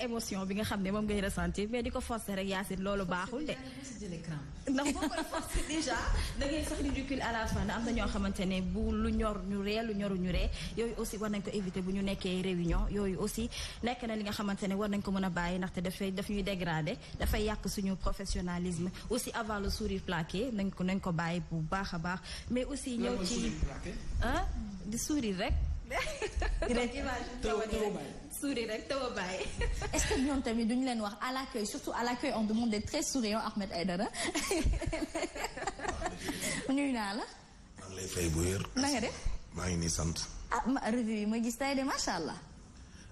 émotion bi nga xam ne moom ngay ressentir mais di ko forcer rek Yacine loolu baaxul de. ndax boo koy forcer déjà da ngay sax ridicule à la fin am na ñoo xamante ne bu lu ñor ñu ree lu ñoru ñu ree yooyu aussi war nañ ko éviter bu ñu nekkee réunion yooyu aussi nekk na li nga xamante ne war nañ ko mën a bàyyi ndaxte dafay daf ñuy dégrader dafay yàq suñu professionnalisme aussi avant le sourire plaqué nañ ko nañ ko bàyyi bu baax a baax mais aussi ñëw ci ah di sourire rek. souri rek taw a bàyyi. est-ce que ñoom tamit duñu leen wax à l'accueil surtout à l'accueil on demande d'être très souriant Ahmed Aïdara. nuyu naa la. maa ngi lay fay bu maa ngi nii sant. ah ma revue yi ma gis tay de allah.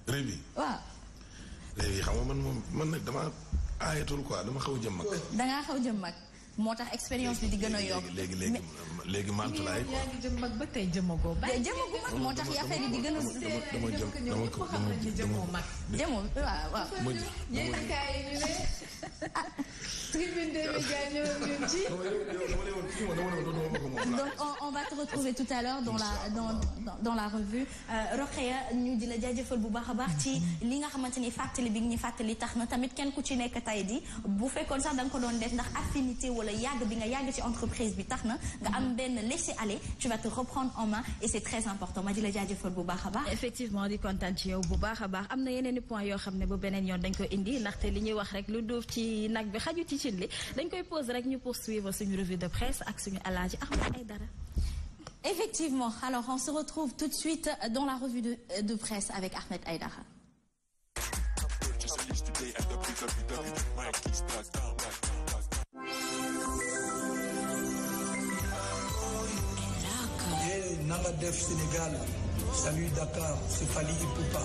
revue yi. waaw. man moom man nag dama aayatul quoi dama xaw jëm mag. dangaa xaw jëm moo tax expérience bi di gën a yokk léegi léegi léegi mantulaay quoi yaa ngi jëm mag ba tey jëmagoo ba jëmagu mag moo tax affaire yi di gën a dama jëm dama ko xam nañu jëmoo mag jëmoo waaw waaw yéenekaay yi donc on va te retrouver tout à l'heure dans la dans dans la revue euh, Rokhaya ñu di la jaajëfal bu baax a baax ci li nga xamante ni fàttali bi ñu fàttali tax na tamit kenn ku ci nekk tay di bu fekkoon sax da nga ko doon def ndax affinité wala wala yàgg bi nga yàgg ci entreprise bi tax na nga am mhm. benn laisser aller tu vas te reprendre en main et c'est très important ma di la jaajëfal bu baax a baax effectivement di kontaan ci yow bu baax a baax am na yeneen i point yoo xam ne bu beneen yoon dañ ko indi ndaxte li ñuy wax rek lu duuf ci nag bi xaju ci cin dañ koy pose rek ñu poursuivre suñu revue de presse ak suñu alaaji Ahmed Aïdara effectivement alors on se retrouve tout de suite dans la revue de, Ahmed Aïdara na nga def Sénégal salut Dakar c'est Ipupa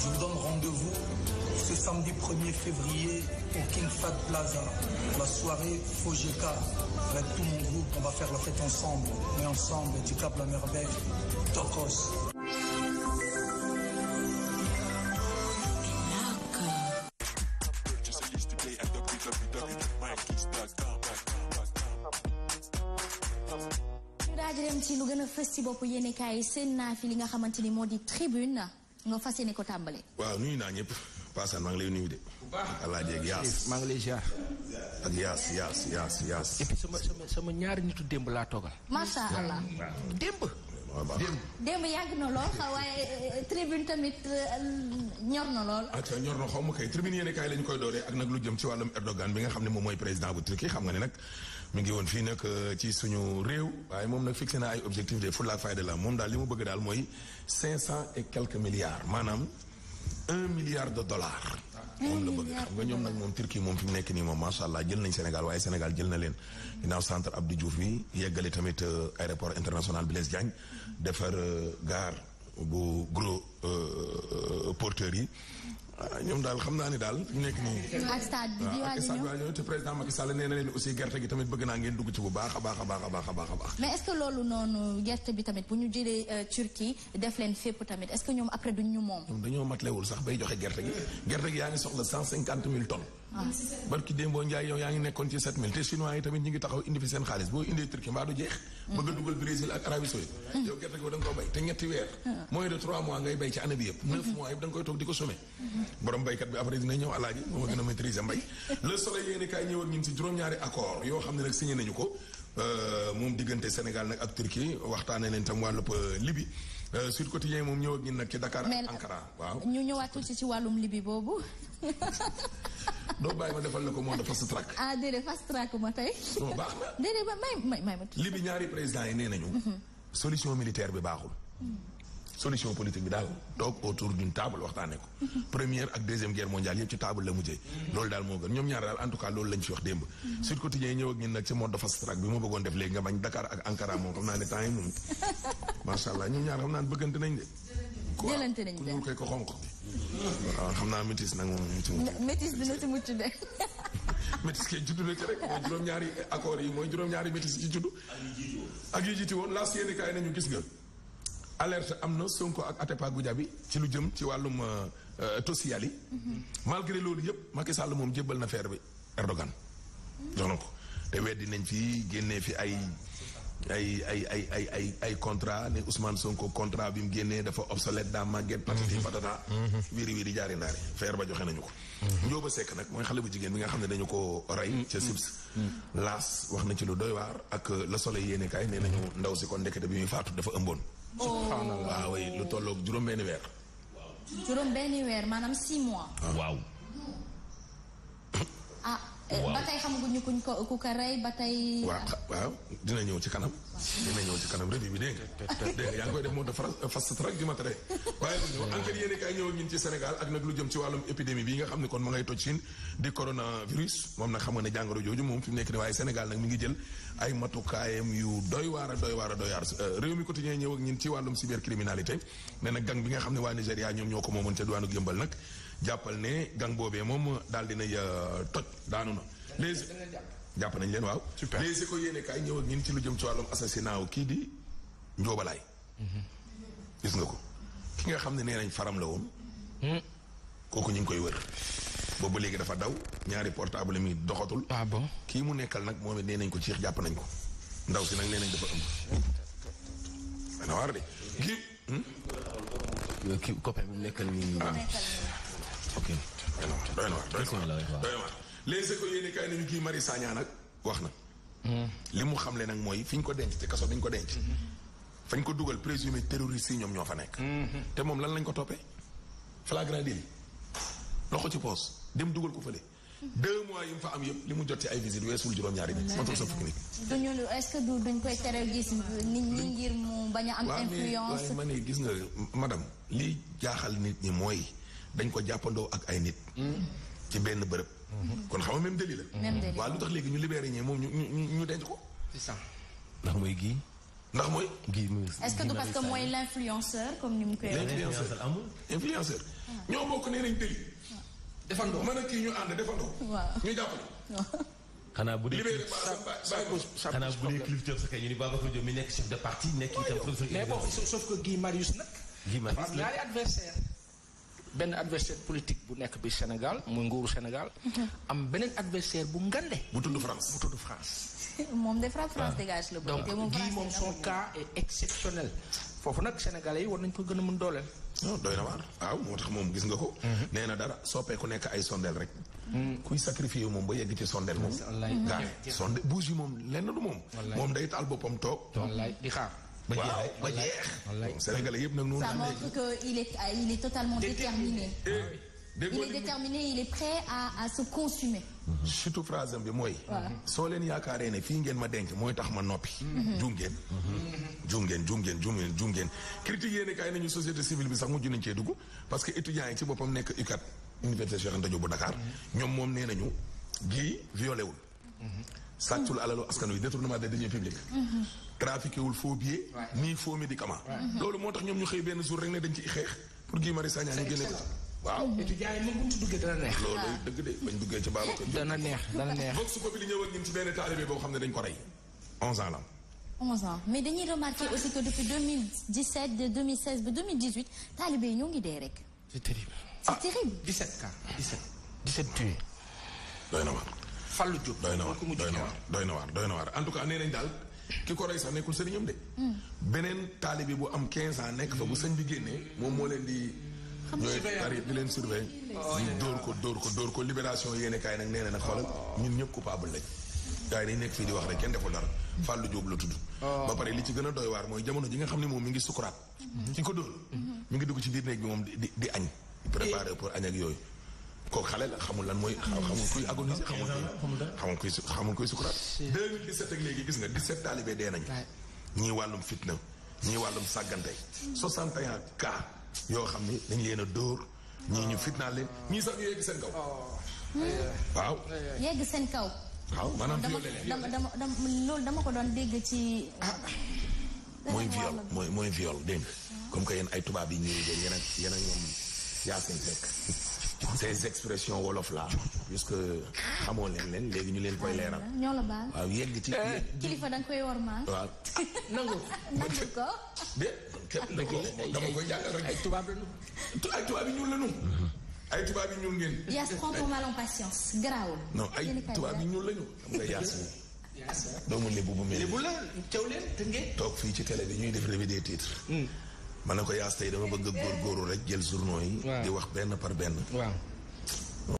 je vous donne rendez-vous ce samedi er février au King Fat Plaza la soirée Fojeka avec tout mon va faire la fête ensemble mais ensemble du Cap la Merveille Tokos dem ci lu gën a fës ci bopp yéene kaay seen naa fi li nga xamante ni moo di tribune nga fas yéene ko tàmbale. waaw nuyu naa ñëpp Paasan maa ngi lay nuyu de. bu baax Alaaji ak Yaas maa ngi lay ziar. ak Yaas Yaas Yaas Yaas. et puis sama sama sama ñaari nitu démb laa toogal. macha allah démb. démb yàgg na lool xaw waaye euh, tribune tamit euh, ñor na lool. acca ñor na xaw ma kay tribune yéen kaay lañu koy dooree ak nag lu jëm ci wàllum Erdogan bi nga xam ne moom mooy président bu Turquie xam nga ne nag mu ngi woon fii nag euh, ci suñu réew waaye moom nag fixé na ay objectifs de la ak fayda la moom daal li mu bëgg daal mooy cinq cent et quelques milliards maanaam. un milliard de dollars. moom la bëgg xam nga ñoom nag moom Turquie moom fi mu nekk nii moom macha allah jël nañ Sénégal waaye Sénégal jël na leen. ginnaaw centre Abdou Diouf bi yeggale tamit euh, aéroport international Blaise Diagne defar euh, gare bu gros. Euh, porteurs yi ah, ñoom daal xam naa ni daal ñu nekk nii. ak stade bi di ah, waaj a ñëw te président Macky Sall nee na aussi gerte gi tamit bëgg naa ngeen dugg ci bu baax a baax a baax a baax a baax. mais est ce que loolu noonu gerte bi tamit bu ñu jëlee euh, Turquie def leen fépp tamit est cent mille tonnes. Ah. barki Dembo Ndiaye yaa ngi nekkoon ci sept mille te chinois yi tamit ñu ngi taxaw indi fi seen xaalis boo indee Turquie mbaa du jeex. bëgg a Brésil ak Arabie bay ci année bi yëpp. neuf mois koy toog di ko semé. borom baykat bi après dina ñëw alaaji moom a gën a maîtriser mbay. le soleil yéen kaay ñëw ak ñun si juróom-ñaari accord yoo xam ne nag signé nañu ko euh, moom diggante Sénégal nag ak Turquie waxtaanee leen tam wàllub euh, Libye euh, Sud Quotidien moom ñëw ak nag ci Dakar ak Ankara waaw ñu ma defal la ko moo de fast track. ah déedéet fast track ma tey. non baax na déedéet may yi nee nañu. Mhm. solution militaire bi baaxul. Mhm. solution politique bi daal toog autour d'une table waxtaanee ko. première ak deuxième guerre mondiale yëpp ci table la mujjee. loolu daal moo gën ñoom ñaar daal en tout cas loolu lañ fi wax démb. Sud Quotidien ñëw ak ñun nag ci mode fast track bi macha allah ñoom ñaar xam naa bëggante ko xonq. waaw xam naa métis nag ñu ci mucc. métis dina ci mucc de. métis mooy juróom-ñaari yi mooy juróom-ñaari métis ci juddu. ak yi jiitu woon last yéen kaay nañu gis nga alerte am na Sonko ak Atepa Goudiaby ci lu jëm ci wàllum tosiyal euh, yi mm-hmm. malgré loolu yëpp Macky Sall moom jébbal na feer bi Erdogan jox na ko te weddi nañ fi génne fi ay ay ay ay ay ay ay contrat ne Ousmane Sonko contrat bi mu génnee dafa obsolète daa màgget patati mm-hmm. patata mm-hmm. wiiri wiiri jaari ndaari feer ba joxe nañu ko Njóoba Sekk nag mooy xale bu jigéen bi nga xam ne dañu ko rey ca sibs laas wax na ci lu doy waar ak Le Soleil yéene kaay nee nañu ndaw si kon ndekete bi muy faatu dafa ëmboon subhanallah waaw lu tolloog juróom benni weer. juróom benni weer maanaam six mois. waaw. ba tey xamaguñu kuñ ku ko rey ba tey. waaw dina ñëw ci kanam. dina ñëw ci kanam rëdd bi dégg nga. dégg nga yaa ngi mm. ci Sénégal ak nag lu jëm ci wàllum épidémie bi nga xam ne kon ma ngay toj Chine di coronavirus moom xam nga ne jàngoro jooju moom fi nekk nii waaye Sénégal nag mi ngi jël ay matukaayam yu doy waar a doy waar a doy waar euh, réew mi quotidien ñëw ak ñun ci wàllum cybercriminalité ne nag gang bi nga xam ne waa Nigéria ñoom ñoo ko moomoon ca duwaanu Yëmbal nag jàppal ne gang boobee moom daal dinay euh, toj daanu na. les jàpp nañ leen waaw. super les éco yéene kaay ñëw ñun ci lu jëm ci wàllum assassinat wu kii di njóobalaay. Mm-hmm. gis nga ko ki nga xam ne nee nañ faram la woon. Hmm. kooku ñu ngi koy wër. boobu léegi dafa daw ñaari portable mi doxatul. ah kii mu nekkal nag moom it nee nañ ko ci jàpp nañ ko ndaw si nag nee nañ dafa ëmb. dana waar de kii. Hmm? kii copain bi nekkal nii. Ah. ok doy na waar doy na kay nañu kii Marie Sagna nag wax na. Hmm. li mu xamle nag mooy fi ñu ko denc ci kaso bi ñu ko denc. Hmm. fañ ko dugal présumé terroriste yi ñoom ñoo fa nekk. Hmm. te moom lan lañ ko toppee. flagrant délit loxo ci poos dem dugal ko fële. deux mois yi mu fa am yëpp li mu jot ci ay visite weesul juróom-ñaari nit. matul sa fukki nit. duñu est-ce que du duñ koy tere gis nit ñi ngir mu bañ am influence. waaye ne gis nga madame li jaaxal nit ñi mooy. dañ ko jàppandoo ak ay nit. ci benn bërëb. kon xam nga même délit la. même délit waaw lu tax léegi ñu libéré ñee moom ñu ñu ñu denc ko. c'est ndax mooy gii. ndax mooy. gii muy est-ce que du parce que mooy l'influenceur comme ni mu koy. l'influenceur ah. a kii ñu ànd defandoo. waaw ñu jàppale. xanaa bu dee xanaa sa kay ñu ni Babacar Diop mi nekk chef nekk itam professeur. Marius nag. Guy Marius nag benn adversaire politique bu nekk bi Sénégal muy nguuru Sénégal. am beneen adversaire bu ngande. bu tudd France bu tudd France. moom de France ah. France dégage la. donc gii moom son war nañ ko gën a mën dooleel. non doy na waar waaw moo tax moom gis nga ko. Mhm. nee na dara soppee ku nekk ay sondeel rek. Mhm. kuy sacrifié moom ba yegg ci sondeel moom. wallaahi sonde bougie moom lenn du moom. moom day taal boppam toog. di xaar. ba jeex ba jeex. Sénégalais yëpp nag noonu. ça montre que il est ah, il est bi mooy. soo leen yaakaaree ne fii ngeen ma denc mooy tax ma noppi. Mhm. juum ngeen. Mhm. juum ngeen juum ngeen juum ngeen juum ngeen critique yéen kaay nañu société civile bi sax mujj nañ cee dugg parce que étudiants yi ci boppam nekk UCAD université Cheikh bu Dakar. Mhm. ñoom moom nee nañu gi violé wul. sàccul alalu askan wi détournement des deniers publics. trafiqué wul faux billet. nii faux médicament. Mhm. loolu moo tax ñoom ñu xëy benn jour rek ne dañ ci xeex pour Guy Marius Sagna ñu génne ko waaw mmh. étudiants yi moom duggee dana neex. loolu ah. dëgg su ko bi di ñëwal ñun ci benn taalibe boo xam ne dañ ko rey 11 ans la 11 ans mais dañuy remarquer aussi que depuis de 2016 yi ñoo ngi dee rek. c'est terrible. c'est ah. terrible. 17 cas 17. 17 tués. doy na waar. Fallou Diop doy na waar doy na waar doy na waar en tout cas nee nañ daal. ki ko rey sax nekkul sëriñam de. beneen taalibe bu am 15 ans nekk fa bu sëñ bi génnee moom moo leen di. ñooy tari di leen surveiller. Oh, ñu dóor ko dóor ko door ko libération yéene kaay nag nee na nag xoolal ñun ñëpp coupable lañ. gars yi dañ nekk fii di wax rek kenn deful dara. Fallou Diop la tudd. Oh. ba pare li ci gën a doy waar mooy jamono ji nga xam ne moom mi ngi sukuraat. ki mhm. ko dóor. mu mhm. ngi dugg ci biir néeg bi moom di di añ. Eh. préparé pour añ ak yooyu. kooku xale la xamul lan mooy. xamul kuy agonisé xamul xamul kuy xamul koy sukuraat. ak léegi gis nga set taalibe dee nañu. ñii wàllum fitna ñii wàllum sàggante. 61 cas yoo xam ni dañ leen a dóor. ñii ñu fitnaal leen ñii sax ñu seen kaw. Oh. waaw. yegg seen kaw. waaw maanaam violé leen dama dama dama loolu dama ko doon dégg ci. Ah, ah. mooy viol mooy mooy viol ah. comme que yéen ay tubaab yi ñuy dégg yéen ak yaa seen fekk. ces expressions wolof la puisque xamoo leen leen léegi ñu leen koy leeral. ñoo la baal waaw yegg ci. Eh, kilifa da koy war maa. waaw nangu. nangu ko. de dama koy jàngal rek. ay tubaab la ñu. ay tubaab yi ñuul la ñu. Mm-hmm. ay tubaab yi ñuul ngeen. Yaas prend mal en patience garaawul. non ay tubaab yi ñuul la ñu. xam nga Yaas moom. Yaas doomu lébu bu mel. lébu la caw leen tënkee. toog fii ci télé bi ñuy def revue des titres. Mm. ma ne ko yaas tey dama bëgg a góorgóorlu rek jël journaux yi. di wax benn par benn. waaw.